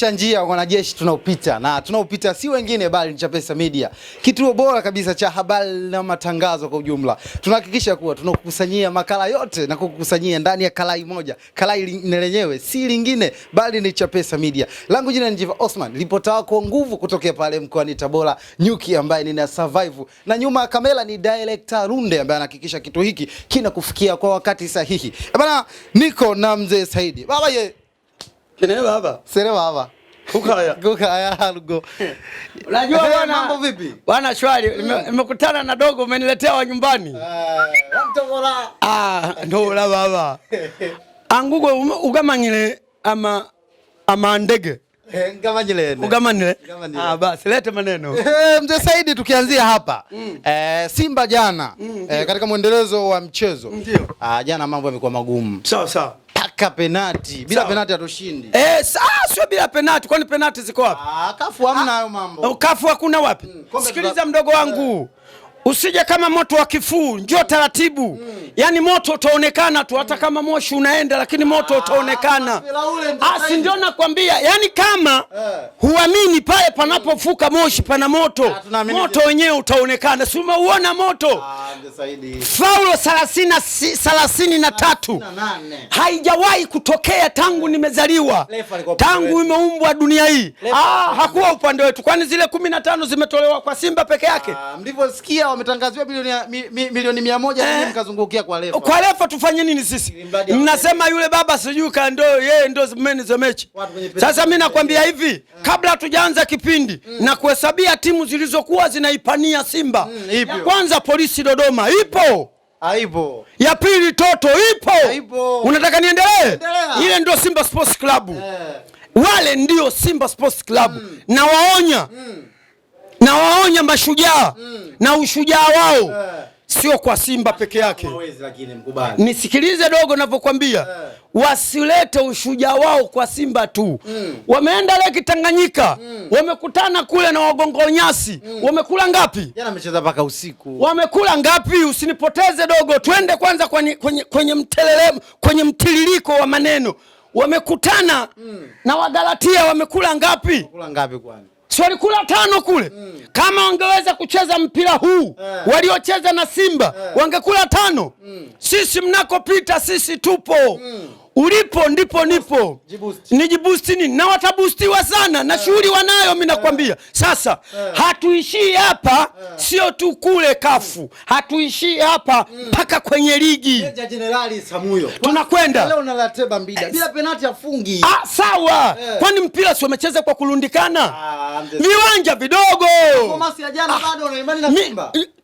tumewaonyesha njia wanajeshi tunaopita na tunaopita si wengine bali ni Chapesa Media, kituo bora kabisa cha habari na matangazo kwa ujumla. Tunahakikisha kuwa tunakukusanyia makala yote na kukusanyia ndani ya kalai moja. Kalai lenyewe si lingine bali ni Chapesa Media. Langu jina ni Jiva Osman, ripota wako nguvu kutokea pale mkoani Tabora, nyuki ambaye nina survive, na nyuma ya kamera ni director Runde ambaye anahakikisha kitu hiki kinakufikia kwa wakati sahihi. Bana, niko na mzee Saidi. Baba ye. Kene baba. Sere baba. Kukaya. Kukaya Unajua bwana mambo vipi? Bwana shwari, mm. nimekutana na dogo umeniletea wa nyumbani. Eh, ah, baba. Angugo ugamanyile ama ama ndege. Eh, Ugamanile. Ah, basi lete maneno. Eh, mzee Saidi tukianzia hapa. Mm. Eh, Simba jana mm, katika mwendelezo wa mchezo. Ah, jana mambo yamekuwa magumu. Sawa sawa. Mpaka penati. Bila penati hatushindi. Eh, saa ah, sio bila penati. Kwani penati ziko wapi? Ah, kafu hamna ah, hayo mambo. Kafu hakuna wapi? Hmm, Sikiliza mdogo wangu. Eh. Usije kama moto wa kifuu, njoo taratibu mm. Yaani moto utaonekana tu hata mm. kama moshi unaenda, lakini moto ah, utaonekana. Ah, si ndio nakwambia, yaani kama eh. huamini pale panapofuka moshi pana moto ha, ah, moto wenyewe utaonekana, si umeuona moto? faulo thelathini na tatu haijawahi kutokea tangu eh. nimezaliwa, tangu imeumbwa dunia hii, hakuwa upande wetu. Kwani zile kumi na tano zimetolewa kwa Simba peke yake? Mlivyosikia wametangaziwa milioni mia moja eh? mkazungukia kwa refa. Kwa refa tufanye nini sisi? Mnasema yule baba sijui ka ndo yeye ndo man za mechi. Sasa mimi nakwambia hivi, eh. kabla tujaanza kipindi mm. na kuhesabia timu zilizokuwa zinaipania Simba mm, kwanza polisi Dodoma ipo Aibo. Ya pili Toto ipo. Aibo. Unataka niendelee? Ile ndio Simba Sports Club. Eh. Wale ndio Simba Sports Club. Mm. Na waonya. Mm na waonya mashujaa mm. na ushujaa wao eh. Sio kwa Simba peke yake, nisikilize dogo navyokwambia eh. Wasilete ushujaa wao kwa Simba tu mm. Wameenda Leki Tanganyika mm. Wamekutana kule na wagongo nyasi mm. Wamekula ngapi? Jana amecheza mpaka usiku. Wamekula ngapi? Usinipoteze dogo, twende kwanza kwenye, kwenye, kwenye mtelele, kwenye mtiririko wa maneno. Wamekutana mm. na Wagalatia wamekula ngapi? Wamekula ngapi kwani? Walikula tano kule mm. Kama wangeweza kucheza mpira huu yeah. Waliocheza na Simba yeah. Wangekula tano mm. Sisi mnakopita sisi tupo mm ulipo ndipo nipo, nini? na watabustiwa sana na eh. shughuli wanayo, mi eh. nakwambia. Sasa eh. hatuishii hapa, sio tu kule kafu, mm. hatuishii hapa mm. mpaka kwenye ligi tunakwenda ah, sawa. Kwani mpira si umecheza kwa kulundikana ah, viwanja vidogo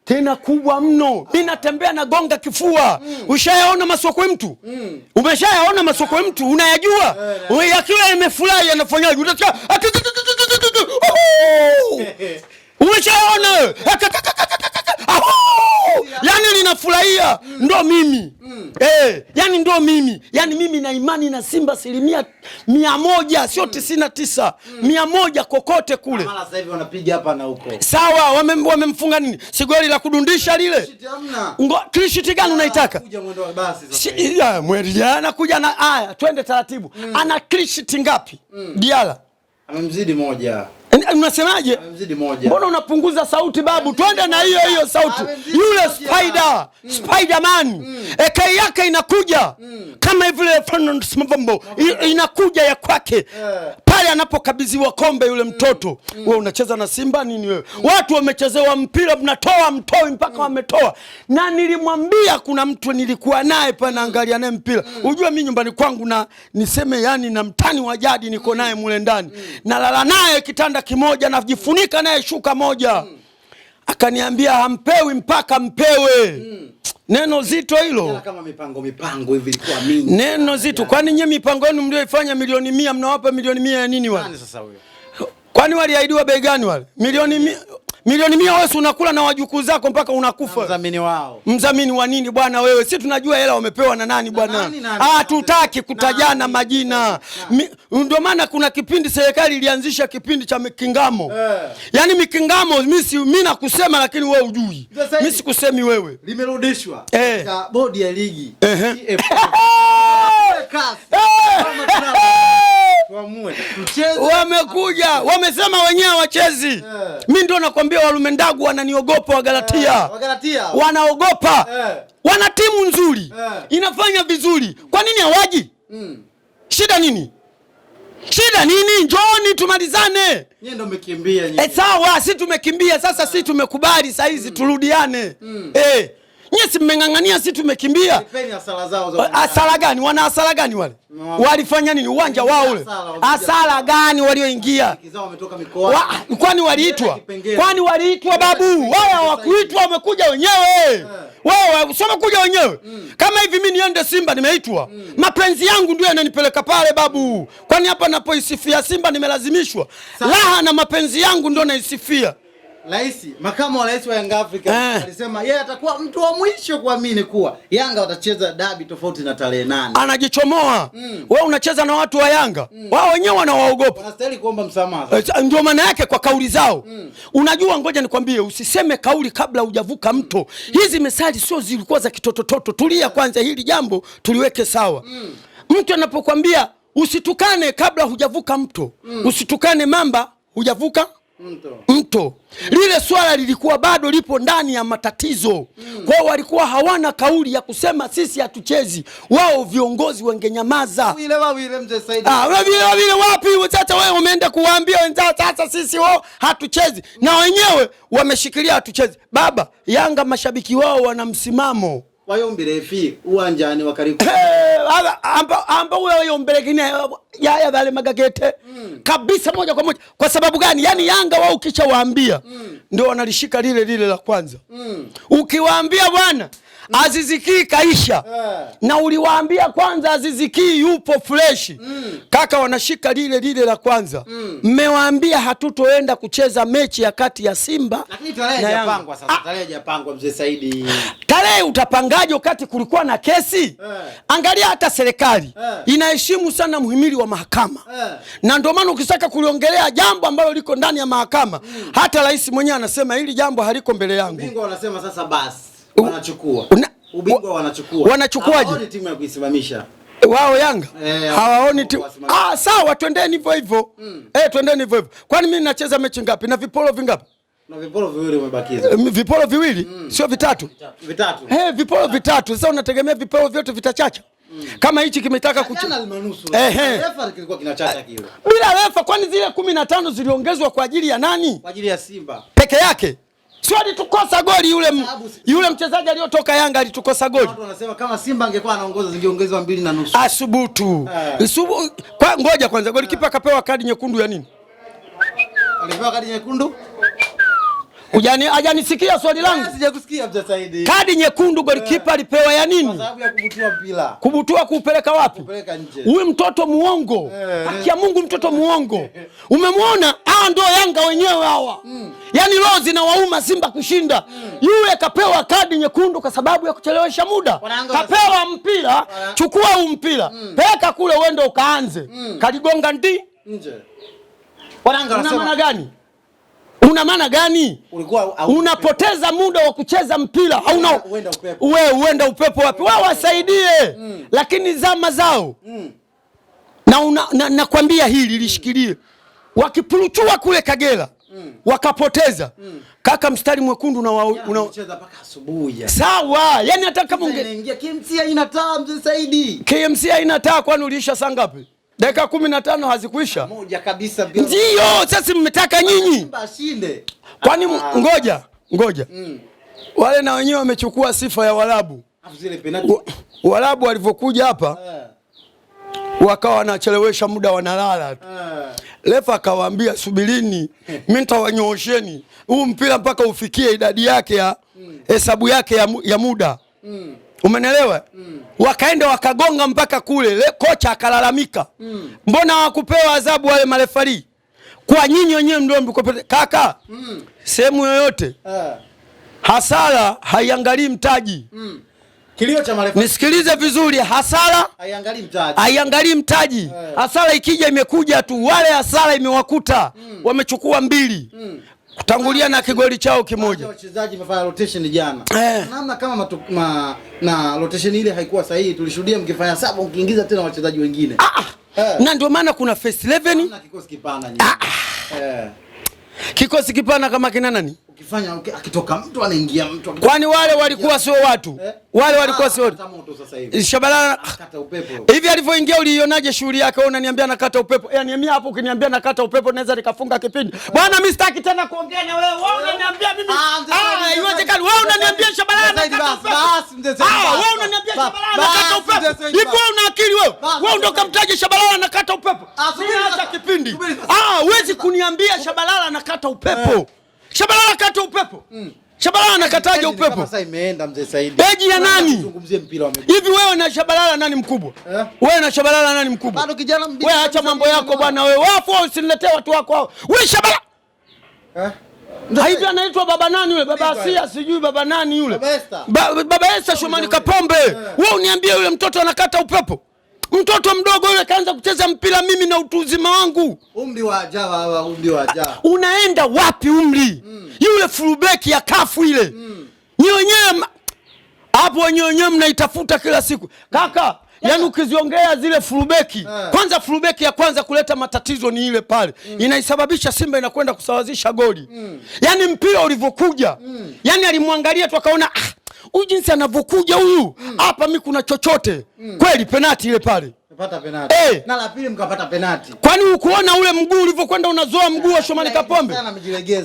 tena kubwa mno. inatembea natembea nagonga kifua. Mm. Ushayaona masoko ya mtu? Mm. Umeshayaona masoko ya mtu? Unayajua? Yeah. Yakiwa imefurahi anafanyaje? umeshayaona yani nafurahia mm. Ndo mimi mm. Eh, yani ndo mimi yani mimi na imani na Simba asilimia mia moja sio mm. tisini na tisa mm. mia moja kokote kule. Sawa, wamemfunga nini sigoli la kudundisha lile krishiti gani ah, unaitaka? Mweri jana kuja na aya twende taratibu mm. ana krishiti ngapi? mm. Diala amemzidi moja Unasemaje? Yaani, ah, Mbona unapunguza sauti babu? Twende na hiyo hiyo sauti. Yule spider, mm. Spider-Man. mm. yake inakuja mm. Kama vile inakuja ya kwake yeah pale anapokabidhiwa kombe yule mtoto mm. wewe unacheza na Simba nini wewe mm. watu wamechezewa mpira mnatoa mtoi mpaka mm. wametoa na nilimwambia kuna mtu nilikuwa naye pale naangalia naye mpira mm. ujue mimi nyumbani kwangu na niseme yani na mtani wa jadi niko naye mule ndani mm. nalala naye kitanda kimoja najifunika naye shuka moja mm. akaniambia hampewi mpaka mpewe mm. Neno zito hilo, kama mipango mipango hivi ilikuwa mingi. Neno zito, kwani nyinyi mipango yenu mlioifanya milioni mia mnawapa milioni mia ya nini wale? sasa huyo? Kwani waliahidiwa bei gani wale? Milioni mia milioni mia wewe unakula na wajukuu zako mpaka unakufa. Mzamini wao. Mzamini wa nini bwana wewe? Si tunajua hela wamepewa na nani bwana? Ah, tutaki kutajana majina. Ndio maana kuna kipindi serikali ilianzisha kipindi cha mikingamo. Eh. Yaani mikingamo mimi si mimi nakusema lakini wewe ujui. Mimi sikusemi wewe. Limerudishwa eh, bodi ya ligi. Eh wamekuja wamesema wenyewe wachezi yeah. Mi ndo nakwambia walume ndagu wananiogopa Wagalatia yeah. Wanaogopa yeah. Wana timu nzuri yeah. Inafanya vizuri, kwa nini hawaji? mm. Shida nini? Shida nini? Njoni tumalizane. E, sawa, si tumekimbia sasa, yeah. Si eh. tumekubali saa hizi, mm. turudiane mm. E si mmeng'ang'ania, si tumekimbia. Asala gani? Wana asala gani wale? Walifanya nini? Uwanja wao ule, asala gani walioingia? Kwani waliitwa? Kwani waliitwa babu? Wao hawakuitwa, wamekuja wenyewe. Eh. Wewe usome kuja wenyewe. Mm. Kama hivi mimi niende Simba nimeitwa, mm. mapenzi yangu ndio yananipeleka pale babu. Kwani hapa napoisifia Simba nimelazimishwa? Raha na mapenzi yangu ndio naisifia. Rais, makamu wa rais wa Young Africa eh. alisema yeye atakuwa mtu wa mwisho kuamini kuwa Yanga watacheza dabi tofauti na tarehe nane. Anajichomoa. Mm. Wewe unacheza na watu wa Yanga. Mm. Wao wenyewe wanawaogopa. Wanastahili kuomba msamaha. E, ndio maana yake kwa kauli zao. Mm. Unajua, ngoja nikwambie, usiseme kauli kabla hujavuka mto. Mm. Hizi mesali sio zilikuwa za kitotototo. Tulia kwanza, hili jambo tuliweke sawa. Mm. Mtu anapokuambia usitukane kabla hujavuka mto. Mm. Usitukane mamba hujavuka mto, Lile swala lilikuwa bado lipo ndani ya matatizo mm. Kwao walikuwa hawana kauli ya kusema sisi hatuchezi, wao viongozi wangenyamaza. Wawile wawile mzee Saidi, ah, wapi? Sasa wewe umeenda kuwaambia wenzao sasa sisi wao hatuchezi mm. Na wenyewe wameshikilia hatuchezi. Baba, Yanga mashabiki wao wana msimamo wayombere fi uwanjani hey, amba amba wewe wayombere kine ya dale magagete mm. kabisa moja kwa moja. Kwa sababu gani? Yani Yanga wao ukishawaambia mm. ndio wanalishika lile lile la kwanza mm. ukiwaambia bwana Mm. Azizikii kaisha yeah. Na uliwaambia kwanza Azizikii yupo freshi mm. Kaka wanashika lile lile la kwanza mm. mmewaambia mm. Hatutoenda kucheza mechi ya kati ya Simba ah. tarehe utapangaje wakati kulikuwa na kesi yeah. Angalia hata serikali yeah. Inaheshimu sana muhimili wa mahakama yeah. Na ndio maana ukisaka kuliongelea jambo ambalo liko ndani ya mahakama mm. Hata rais mwenyewe anasema hili jambo haliko mbele yangu. Bingo anasema sasa basi wanachukua una, ubingwa, wanachukua wanachukuaje? Hawaoni timu ya kuisimamisha wao Yanga e, hawaoni timu ah, sawa, twendeni hivyo hivyo mm. Eh, twendeni hivyo hivyo. Kwani mimi nacheza mechi ngapi na vipolo vingapi? Na vipolo viwili umebakiza. Eh, vipolo viwili mm. sio vitatu, vitatu. Eh, hey, vipolo vitatu. Sasa unategemea vipolo vyote vitachacha mm. kama hichi kimetaka kuchana limenusu. Eh, eh. Refa kilikuwa kinachacha kile bila refa. Kwani zile 15 ziliongezwa kwa ajili ya nani? Kwa ajili ya Simba peke yake sio alitukosa goli yule yule mchezaji aliyotoka Yanga alitukosa goli. Watu wanasema kama Simba angekuwa anaongoza zingeongezwa mbili na nusu. Asubutu. Yeah. Subu, kwa, ngoja kwanza goli kipa akapewa kadi nyekundu ya nini? Alipewa kadi nyekundu? Ujani ajanisikia swali langu. Ah, sijakusikia Mzee Saidi. Kadi nyekundu golikipa eh, alipewa ya nini? Kwa sababu ya kubutua mpira. Kubutua kuupeleka wapi? Kupeleka nje. Huyu mtoto muongo. Eh. Haki ya Mungu mtoto muongo. Umemwona? Hawa ndio Yanga wenyewe hawa. Mm. Yaani roho zinawauma Simba kushinda. Mm. Yule kapewa kadi nyekundu kwa sababu ya kuchelewesha muda. Kapewa mpira, chukua huu mpira. Mm. Peka kule uende ukaanze. Mm. Kaligonga ndi nje. Wananga wanasema maana gani? una maana gani? Unapoteza muda wa kucheza mpira, yaani hauna wewe, uenda upepo wapi? Wao wasaidie mm. Lakini zama zao mm. na nakwambia na hili lishikilie mm. wakipuruchua kule Kagera mm. wakapoteza mm. Kaka, mstari mwekundu yaani na unacheza mpaka asubuhi. Sawa, yani hata kama unge KMC haina taa, mzee Saidi, KMC haina taa, kwani uliisha saa dakika kumi na tano hazikuisha moja kabisa, ndio sasa mmetaka nyinyi. Kwani ah. ngoja ngoja, mm. wale na wenyewe wamechukua sifa ya Warabu. Warabu walivyokuja hapa eh. wakawa wanachelewesha muda, wanalala tu. Eh. Refa akawaambia subirini, mimi nitawanyoosheni huu mpira mpaka ufikie idadi yake ya mm. hesabu yake ya, ya muda. Umenelewa? mm wakaenda wakagonga mpaka kule le, kocha akalalamika mm. mbona hawakupewa adhabu wale marefari? Kwa nyinyi wenyewe ndio mlikuwa kaka mm. sehemu yoyote uh. hasara haiangalii mtaji mm. Kilio cha marefari. Nisikilize vizuri, hasara haiangalii mtaji, haiangalii mtaji. Eh. Hasara ikija imekuja tu, wale hasara imewakuta mm. wamechukua mbili mm kutangulia na kigoli chao kimoja. Wachezaji wamefanya rotation jana. Eh. Namna kama matu, ma, na rotation ile haikuwa sahihi. Tulishuhudia mkifanya saba mkiingiza tena wachezaji wengine. Ah, ah, eh. Na ndio maana kuna first 11. Kikosi kipana nyingi. Ah, ah, eh. Kikosi kipana kama kina nani? Akifanya akitoka mtu anaingia mtu. Kwani wale walikuwa sio watu eh? Wale ah, walikuwa sio watu. Shabalala nakata upepo. Hivi alivyoingia ulionaje shughuli yake? Wewe unaniambia nakata upepo. Yaani eh, mimi hapo ukiniambia nakata upepo naweza nikafunga kipindi. Eh. Bwana mimi sitaki tena kuongea na wewe. Wewe eh. unaniambia mimi. Ah, ah haiwezekani. Wewe unaniambia Shabalala nakata upepo. Basi mzee. Ah, wewe unaniambia Shabalala nakata upepo. Hivi wewe una akili wewe? Wewe ndio kamtaje Shabalala nakata upepo. Mimi ah, hata kipindi. Ah, huwezi kuniambia Shabalala nakata upepo. Shabalala kata upepo mm. Shabalala anakataja yaani upepo. Sasa imeenda mzee Saidi. Beji ya yaani nani? mpira wa Hivi wewe na Shabalala nani mkubwa? Eh? Wewe na Shabalala nani mkubwa? Bado kijana mbichi. Wewe acha mambo yako bwana wewe. Wafu usiniletee watu wako hao. Wewe Shabalala. Eh? Haivi anaitwa baba nani yule? Baba Asia sijui baba nani yule? Baba Esther. Ba, baba Esther Shomani Kapombe. Eh. Wewe Uniambie yule mtoto anakata upepo. Mtoto mdogo yule kaanza kucheza mpira, mimi na utu uzima wangu. Umri wa ajabu hawa, umri wa ajabu. Unaenda wapi umri? Mm. Yule fullback ya kafu ile. Mm. Ni wenyewe hapo, wenyewe wenyewe mnaitafuta kila siku. Kaka, hmm. yaani ukiziongea zile fullback. Eh. Kwanza fullback ya kwanza kuleta matatizo ni ile pale mm. Inaisababisha Simba inakwenda kusawazisha goli mm. Yaani mpira ulivyokuja mm. Yaani alimwangalia tu akaona ah, huyu jinsi anavyokuja huyu hmm. hapa, mm. mi kuna chochote mm. kweli, penati ile pale Hey. Eh. Na la pili mkapata penati. Kwani ukuona ule mguu ulivyokwenda unazoa mguu wa Shomari Kapombe?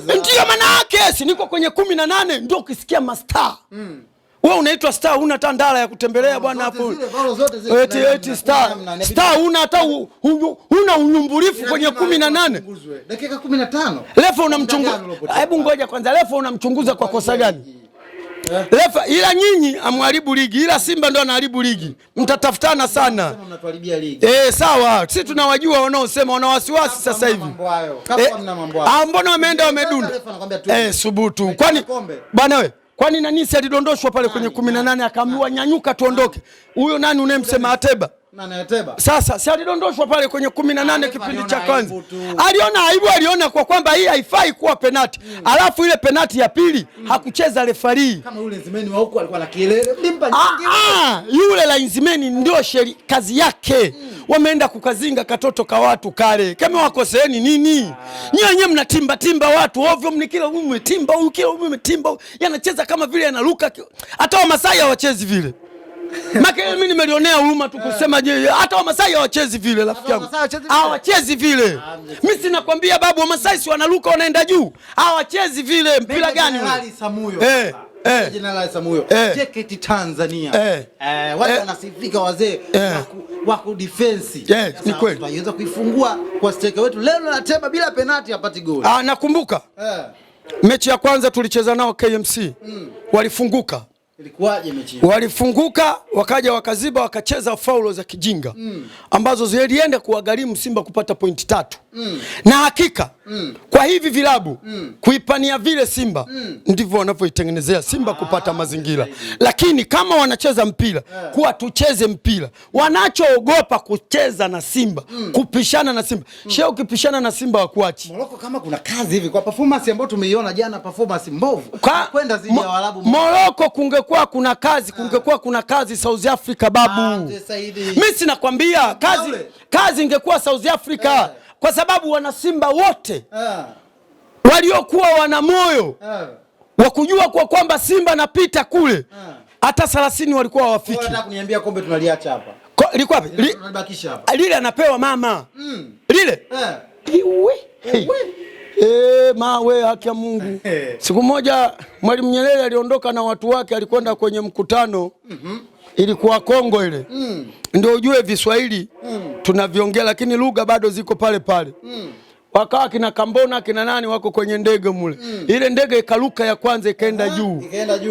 Ndio maana yake, si niko kwenye kumi na nane ndio ukisikia mastaa mm. Wewe unaitwa star, una hata ndala ya kutembelea hmm. bwana hapo. Eti eti star, star una hata una unyumbulifu kwenye 18. Dakika 15. Lefo unamchunguza. Hebu ngoja kwanza, Lefo unamchunguza kwa kosa gani? Yeah. Refa, ila nyinyi amharibu ligi, ila Simba ndo anaharibu ligi, mtatafutana sana ligi. E, sawa, si tunawajua wanaosema wana wasiwasi sasa hivi e, mbona wameenda wamedunda e, subutu kwani bwana we kwani nanisi alidondoshwa pale kwenye kumi na nane akaambiwa nyanyuka tuondoke. Huyo nani unayemsema Ateba? Sasa si alidondoshwa pale kwenye kumi na nane kipindi cha kwanza, aliona aibu, aliona kwa kwamba hii haifai kuwa penati mm. Alafu ile penati ya pili mm. hakucheza refarii kama yule wa ah, huko alikuwa ah, nyingi yule lainzimeni, ndio sheri kazi yake mm. Wameenda kukazinga katoto ka watu kale, kama wakoseeni nini ah. nyie wenyewe mnatimba timba watu ovyo, umwe timba huyu kila umetimba yanacheza kama vile yanaruka, hata Wamasai hawachezi vile Maka mimi nimelionea huruma tu kusema je, hata Wamasai hawachezi vile rafiki yangu. Hawachezi vile. Mimi sinakwambia babu, Wamasai si wanaruka wanaenda juu. Hawachezi vile mpira gani? Samuyo. Eh. Eh. Jenerali Samuyo. Eh. JKT Tanzania. Eh. Eh, watu eh. wanasifika wazee eh, wa ku defense. Yes, eh, ni kweli. Tunaweza kuifungua kwa steka wetu. Leo na Temba bila penalti hapati goli. Ah, nakumbuka. Eh. Mechi ya kwanza tulicheza nao KMC. Mm. Walifunguka. Ilikuwaje mechi hiyo? Walifunguka wakaja wakaziba wakacheza faulo za kijinga mm. ambazo zilienda kuwagharimu Simba kupata pointi tatu mm. na hakika mm. kwa hivi vilabu mm. kuipania vile Simba mm. ndivyo wanavyoitengenezea Simba ah, kupata mazingira ah, lakini kama wanacheza mpira yeah. kuwa tucheze mpira, wanachoogopa kucheza na Simba mm. kupishana na Simba mm. shehe, ukipishana na Simba wakuachi Moroko. Kama kuna kazi hivi kwa performance ambayo tumeiona jana, performance mbovu kwenda zidi ya Waarabu Moroko kunge kungekuwa kuna kazi, ah. kungekuwa kuna kazi South Africa babu. Mimi ah, nakwambia kazi, kazi ingekuwa South Africa eh. kwa sababu wana Simba wote ah. waliokuwa wana moyo wa kujua kwa kwamba Simba napita kule hata thelathini walikuwa hawafiki. Liko wapi? Lile anapewa mama mm. lile eh. Eh, mawe haki ya Mungu. Eh. Siku moja Mwalimu Nyerere aliondoka na watu wake, alikwenda kwenye mkutano mm Ilikuwa Kongo ile Mhm. Ndio ujue Viswahili mm. tunaviongea, lakini lugha bado ziko pale pale Mhm wakawa kina Kambona kina nani wako kwenye ndege mule mm. Ile ndege ikaruka ya kwanza ikaenda ah, juu,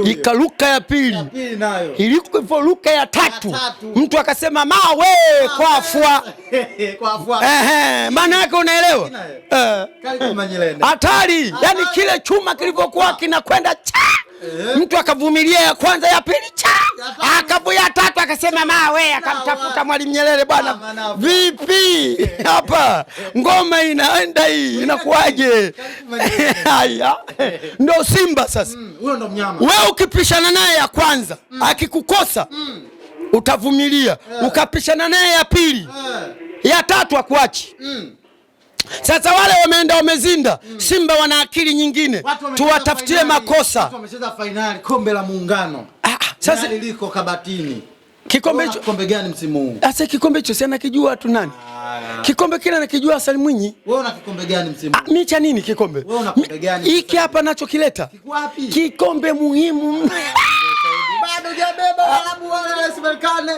ikaruka ya pili, luka ya tatu mtu akasema mawe kwafwa kwafwa. maana yake unaelewa eh. hatari, ah, yani kile chuma kilivyokuwa ah. kinakwenda cha Eh? mtu akavumilia ya kwanza, ya pili cha akabu ya tatu, akasema mawe, akamtafuta Mwalimu Nyerere, bwana vipi eh. hapa ngoma inaenda hii eh. inakuwaje? Haya ndo Simba sasa. Wewe mm, ukipishana naye ya kwanza mm. akikukosa mm. utavumilia, ukapishana naye ya pili, ya tatu akuachi sasa wale wameenda wamezinda. mm. Simba wana akili nyingine, tuwatafutie makosa. Watu wamecheza fainali kombe la muungano. Ah, ah sasa liko kabatini. Kikombe hicho kombe gani msimu huu? Ah, sasa kikombe hicho si anakijua tu nani? Ah. Kikombe kile anakijua Hassan Mwinyi. Wewe una kikombe gani msimu huu? Mimi cha nini kikombe? Wewe una kikombe gani? Hiki hapa nachokileta. Kiko wapi? Kikombe muhimu.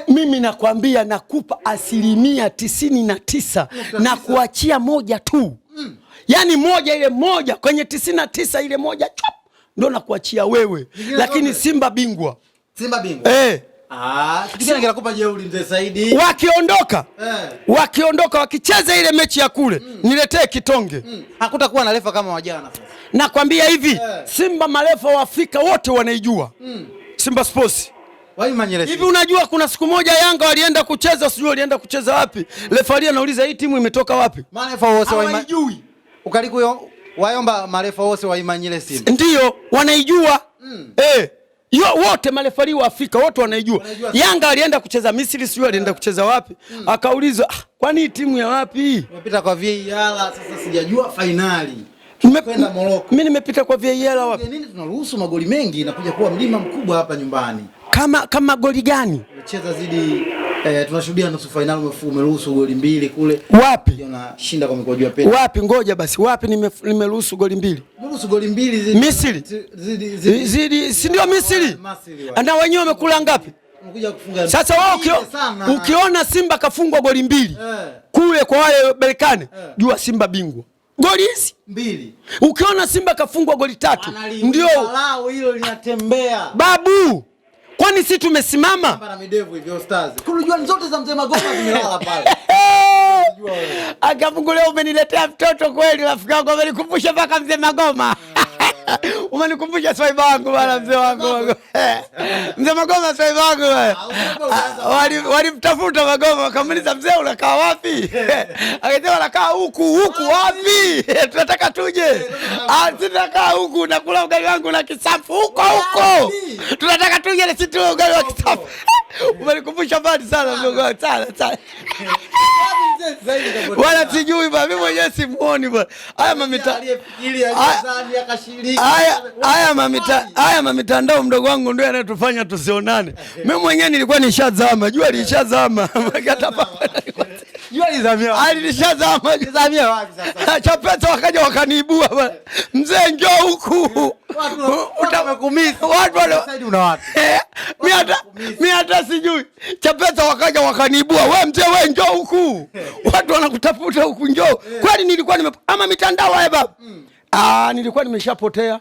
mimi nakwambia, nakupa asilimia tisini na tisa na kuachia moja tu mm. Yaani moja ile moja kwenye tisini na tisa ile moja chop ndo nakuachia wewe lakini Simba bingwa, Simba bingwa. Eh. Ah, wakiondoka eh, wakiondoka wakicheza ile mechi ya kule mm, niletee kitonge mm. Hakutakuwa na refa kama wajana. Nakwambia hivi eh, Simba marefa wa Afrika wote wanaijua mm. Simba Sports. Hivi unajua kuna siku moja Yanga walienda kucheza, sijui walienda kucheza wapi, refari anauliza hii timu imetoka wapi? Marefa wose waijui. Ukaliku wayomba marefa wose waimanyile Simba. Ndio, wanaijua. Mm. Eh. Yo, wote marefari wa Afrika wote wanaijua. wanaijua Yanga alienda kucheza Misri, sijui alienda eh. kucheza wapi? Mm. Akaulizwa, ah, kwani timu ya wapi? Wapita kwa VAR, sasa sijajua finali kwenda Morocco. Mimi nimepita kwa VAR wapi? Nini tunaruhusu magoli mengi na kuja kuwa mlima mkubwa hapa nyumbani. Kama kama goli gani? Cheza zidi eh, tunashuhudia nusu finali umeruhusu goli mbili kule. Wapi? Unashinda kwa mkwaju ya penalti. Wapi? Ngoja basi. Wapi nimeruhusu goli mbili? Nimeruhusu goli mbili zidi Misri. Zidi zidi, zidi. Si ndio Misri? Ah, na wenyewe wamekula ngapi? Sasa wao ukio, ukiona Simba kafungwa goli mbili eh, kule kwa wale Berkane eh, jua Simba bingwa goli hizi mbili. Ukiona Simba kafungwa goli tatu, ndio lao hilo linatembea babu. Kwani si tumesimama zote za mzee Magoma zimelala pale akafungulia. Umeniletea mtoto kweli, rafiki yangu, amenikumbusha mpaka mzee Magoma. Umenikumbusha swaiba wangu bana, mzee wangu mzee Magoma, swaiba wangu ah, ah, walimtafuta Magoma, wakamuuliza mzee, unakaa wapi? Akasema nakaa huku huku. Wapi? tunataka tuje, eh, ah, sinakaa huku, nakula ugali wangu na kisafu huko huko, tunataka tuje na sisi ugali wa kisafu. Umenikumbusha mbali sana mdogo wangu sana sana wala sijui bwana, mimi mwenyewe simuoni bwana. Haya mamita haya haya mamita, haya mamitandao mdogo wangu ndio yanayotufanya tusionane. Mimi mwenyewe nilikuwa nishazama, jua lishazama. Chapesa wakaja wakaniibua, mzee, njoo huku, mi hata sijui. Chapesa wakaja wakaniibua, we mzee, we njoo huku, watu wanakutafuta huku, njoo. Eh. Kweli nilikuwa nime ama mitandao haya baba, mm. ah, nilikuwa nimeshapotea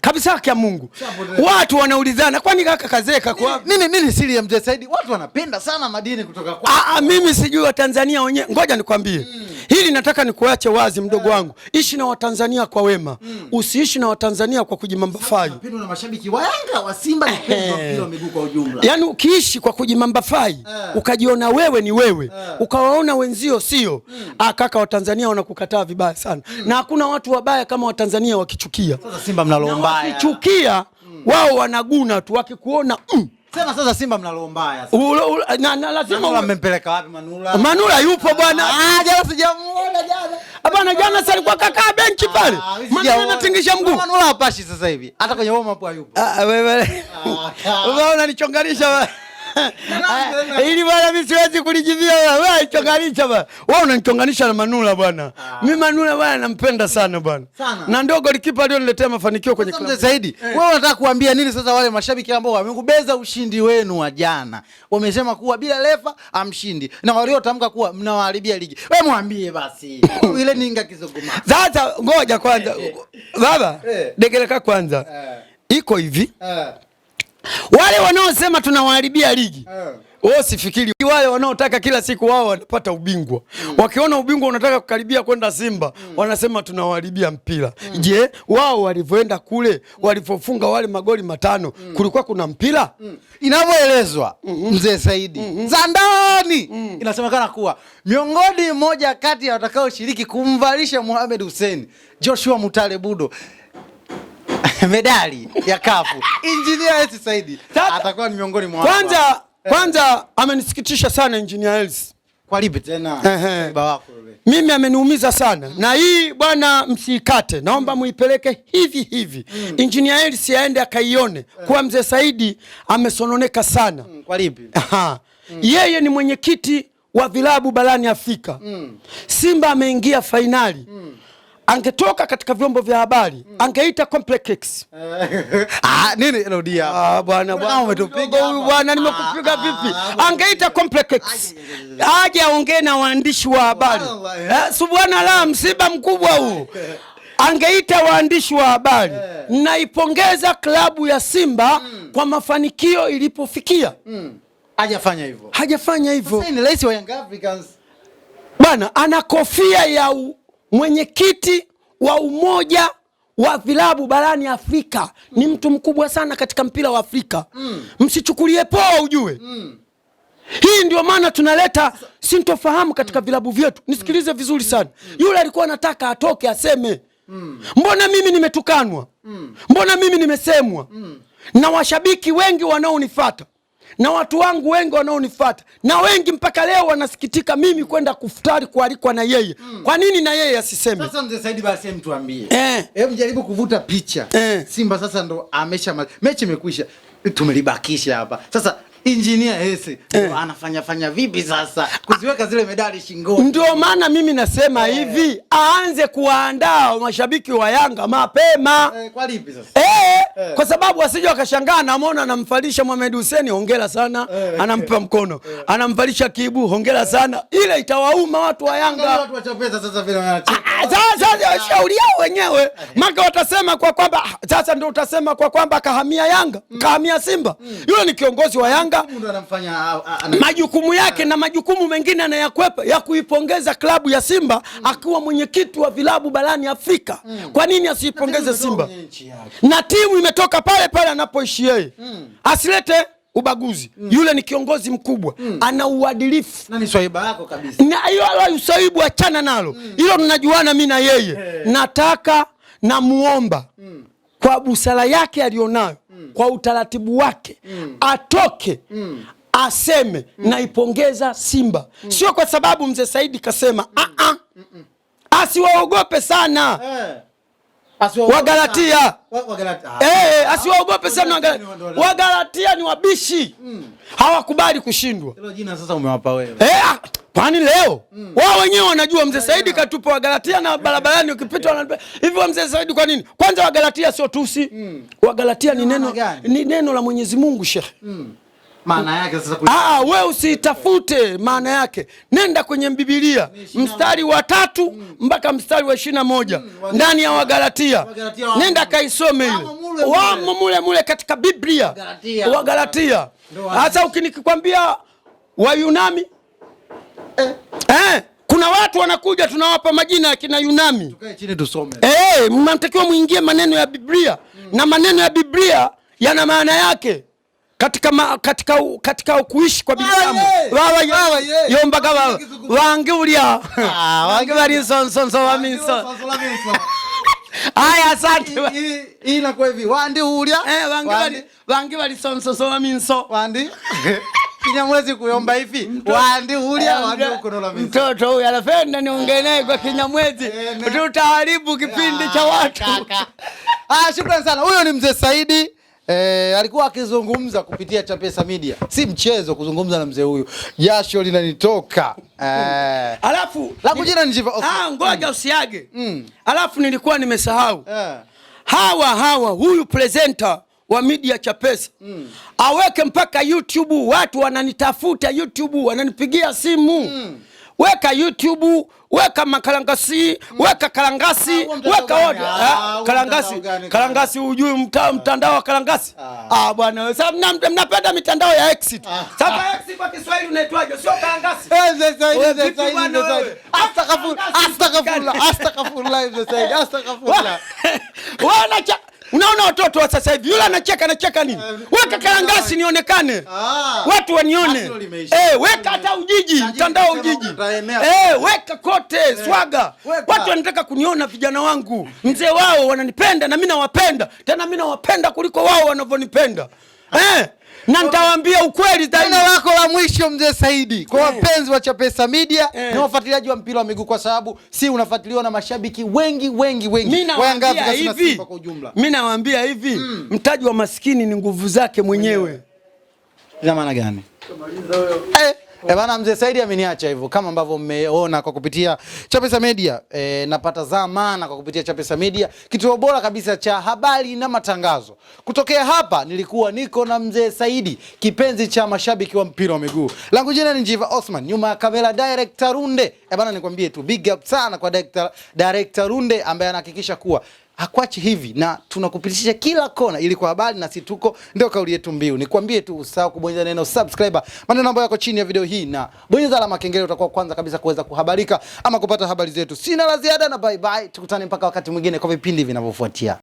kabisa ya Mungu. Watu wanaulizana kwani kaka kazeka kwa mimi mimi siri mzee Saidi, watu wanapenda sana madini kutoka kwa. Ah, ah, mimi sijui Watanzania wenyewe, ngoja nikwambie mm. hili nataka nikuache wazi mdogo eh. wangu, ishi na Watanzania kwa wema mm. usiishi na Watanzania kwa kujimambafai. na mashabiki wa Yanga wa Simba, eh. wa miguu kwa ujumla. Yaani ukiishi kwa kujimambafai eh. ukajiona wewe ni wewe ukawaona wenzio sio mm. ah, kaka Watanzania wanakukataa vibaya sana na hakuna watu wabaya kama Watanzania wakichukia Simba mna mnalombaya. Wakichukia wao wanaguna tu wakikuona mm. Sema sasa Simba mnalo mbaya. Na, na lazima amempeleka wapi Manula? Manula yupo bwana. Ah, jana sijamuona jana. Hapana, jana sasa alikuwa ah, kakaa benchi ah, pale. Mimi ah, anatingisha mguu. Manula hapashi sasa hivi. Hata kwenye warm up hayupo. Ah, wewe. Unaona nichonganisha Wewe Eh, ili bwana mimi siwezi kulijivia wewe. Wewe chonganisha bwana. Wewe unanichonganisha na Manula bwana. Ah. Mi Manula bwana nampenda sana bwana. Na ndio golikipa aliyoniletea mafanikio kwenye klabu. Zaidi. Eh. Wewe unataka kuambia nini sasa wale mashabiki ambao wamekubeza ushindi wenu wa jana? Wamesema kuwa bila refa amshindi. Na waliotamka kuwa mnawaharibia ligi. Wewe mwambie basi. Ile ninga kizunguma. Sasa ngoja kwanza. Eh, Baba, degeleka kwanza. Iko hivi. Wale wanaosema tunawaharibia ligi eh. wao, sifikiri wale wanaotaka kila siku wao wanapata ubingwa mm. Wakiona ubingwa unataka kukaribia kwenda Simba mm. Wanasema tunawaharibia mpira mm. Je, wao walivyoenda kule mm. walivyofunga wale magoli matano mm. Kulikuwa kuna mpira mm. Inavyoelezwa mm -hmm. Mzee Saidi mm -hmm. Zandani mm. Inasemekana kuwa miongoni mmoja kati ya watakaoshiriki kumvalisha Mohamed Hussein Joshua Mutale Budo medali ya kafu Injinia Hersi Said atakuwa ni miongoni mwa kwanza kwanza. Amenisikitisha sana Injinia Hersi kwa lipi tena baba wako mimi ameniumiza sana na hii bwana, msiikate, naomba muipeleke hivi hivi mm. Injinia Hersi aende akaione eh. kwa mzee Saidi amesononeka sana mm. Kwa lipi? Aha. Mm. Yeye ni mwenyekiti wa vilabu barani Afrika mm. Simba ameingia fainali mm angetoka katika vyombo vya habari mm. angeita complex ah, nini rudia ah, bwana bwana umetupiga huyu bwana, nimekupiga ah, vipi? Ah, angeita complex aje aongee na waandishi wa habari eh, la msiba mkubwa huu angeita waandishi wa habari yeah. Naipongeza klabu ya Simba mm. kwa mafanikio ilipofikia mm. hajafanya hivyo, hajafanya hivyo bwana, ana kofia ya u mwenyekiti wa umoja wa vilabu barani Afrika ni mtu mkubwa sana katika mpira wa Afrika. Mm. Msichukulie poa, ujue mm. hii ndio maana tunaleta sintofahamu katika mm. vilabu vyetu. Nisikilize mm. vizuri mm. sana, yule alikuwa anataka atoke aseme mm. mbona mimi nimetukanwa mm. mbona mimi nimesemwa mm. na washabiki wengi wanaonifata na watu wangu wengi wanaonifata na wengi mpaka leo wanasikitika mimi kwenda kufutari kualikwa na yeye mm. Kwa nini na yeye asiseme? Sasa mzee Saidi basi mtuambie eh. Hebu jaribu kuvuta picha eh. Simba sasa ndo amesha mechi imekwisha, tumelibakisha hapa sasa Injinia Hersi eh, anafanya fanya vipi sasa kuziweka zile medali shingoni? Ndio maana mimi nasema eh, hivi aanze kuwaandaa mashabiki wa Yanga mapema eh, kwa lipi sasa? Eh, eh, kwa sababu asije akashangaa namuona anamvalisha Mohamed Hussein, hongera sana eh, eh, anampa mkono eh, anamfalisha Kibu, hongera sana ile itawauma watu wa Yanga, watu wa Chapesa sasa vile wanacheka ah, ah, sasa, shauri yao wenyewe eh. maka watasema kwa kwamba ah, sasa ndio utasema kwa kwamba kahamia Yanga mm, kahamia Simba mm, yule ni kiongozi wa Yanga anamfanya, majukumu yake eh. na majukumu mengine anayakwepa ya kuipongeza klabu ya Simba mm. akiwa mwenyekiti wa vilabu barani Afrika mm. kwa nini asiipongeze Simba na timu imetoka pale pale anapoishi yeye mm. asilete ubaguzi mm. Yule ni kiongozi mkubwa mm. ana uadilifu na ni swahiba yako kabisa, na hiyo uswahibu achana nalo mm. hilo mm. tunajuana mimi na yeye hey. Nataka namuomba mm. kwa busara yake aliyonayo mm. kwa utaratibu wake mm. atoke mm. aseme mm. naipongeza Simba mm. sio kwa sababu mzee Saidi kasema mm. a ah, a ah. mm -mm. asiwaogope sana hey. Wagalatia eh, eh, asiwaogope sana Wagalatia, ni wabishi mm. hawakubali kushindwa. Eh, ah, kwani leo mm. wao wenyewe wanajua mzee Saidi katupa Wagalatia na barabarani ukipita hivi wa mzee Saidi. Kwa nini kwanza Wagalatia sio tusi mm. Wagalatia ni neno, ni neno la Mwenyezi Mungu shekhe mm maana yake sasa. Ah, ah, wewe usitafute maana yake, nenda kwenye Biblia mstari wa tatu mm. mpaka mstari wa ishirini na moja mm, ndani ya Wagalatia, nenda kaisome ile, wamo mule mule katika Biblia Wagalatia. Sasa ukinikwambia Wayunami eh. Eh, kuna watu wanakuja tunawapa majina ya kina Yunami, eh, mnatakiwa eh, muingie maneno ya Biblia mm. na maneno ya Biblia yana maana yake katika, ma, katika, katika kuishi kwa binadamu baba yomba yombaga wange ulia ah wange bali sonso wa minso Aya, asante. Hii na kwa hivi. Wandi ulia Eh, wange bali wange bali sonso sonso wa minso. Wandi. kinya mwezi kuyomba hivi. Wandi ulia eh, wange uko na minso. Mtoto huyu anapenda niongee naye kwa kinya mwezi eh, Tutaharibu kipindi cha ah, watu. Ah, shukrani sana. Huyo ni Mzee Saidi. Eh, alikuwa akizungumza kupitia Chapesa Media, si mchezo kuzungumza na mzee huyu, jasho linanitoka Eh. Alafu la kujina ni Jiva. Ah, ngoja usiage. mm. Alafu nilikuwa nimesahau Eh. Hawa hawa huyu presenter wa media Chapesa mm. aweke mpaka YouTube, watu wananitafuta YouTube, wananipigia simu mm. weka YouTube weka makarangasi, mm. weka karangasi, ah, weka wote ah, eh, karangasi. Karangasi hujui ah. mtandao wa karangasi? Ah bwana, sasa mnapenda mitandao ya exit. Sasa exit kwa Kiswahili unaitwaje? Sio karangasi. Astaghfirullah, astaghfirullah, astaghfirullah, astaghfirullah. Wana Unaona watoto wa sasa hivi, yule anacheka anacheka nini? Eh, weka karangasi nionekane, ah. watu wanione. Eh, weka hata Ujiji, mtandao Ujiji, eh, weka kote eh, swaga, watu wanataka kuniona. Vijana wangu, mzee wao wananipenda na mimi nawapenda, tena mimi nawapenda kuliko wao wanavyonipenda eh na nitawaambia ukweli. Neno lako la mwisho mzee Saidi kwa eh. wapenzi wa Chapesa Media eh. na wafuatiliaji wa mpira wa miguu, kwa sababu si unafuatiliwa na mashabiki wengi wengi wengi kwa Yanga kwa ujumla. Mimi nawaambia hivi, mm. mtaji wa maskini ni nguvu zake mwenyewe. Ina maana gani? Eh, bana mzee Saidi ameniacha hivyo kama ambavyo mmeona kwa kupitia Chapesa Media. E, napata zamana kwa kupitia Chapesa Media, kituo bora kabisa cha habari na matangazo. Kutokea hapa nilikuwa niko na mzee Saidi, kipenzi cha mashabiki wa mpira wa miguu. Langu jina ni Njiva Osman, nyuma ya kamera director Runde. Eh, bana nikwambie tu big up sana kwa director, director Runde ambaye anahakikisha kuwa hakuachi hivi na tunakupitisha kila kona, ili kwa habari na si tuko, ndio kauli yetu mbiu. Nikwambie tu usahau kubonyeza neno subscriber, maneno ambayo yako chini ya video hii, na bonyeza alama kengele, utakuwa kwanza kabisa kuweza kuhabarika ama kupata habari zetu. Sina la ziada na bye bye, tukutane mpaka wakati mwingine kwa vipindi vinavyofuatia.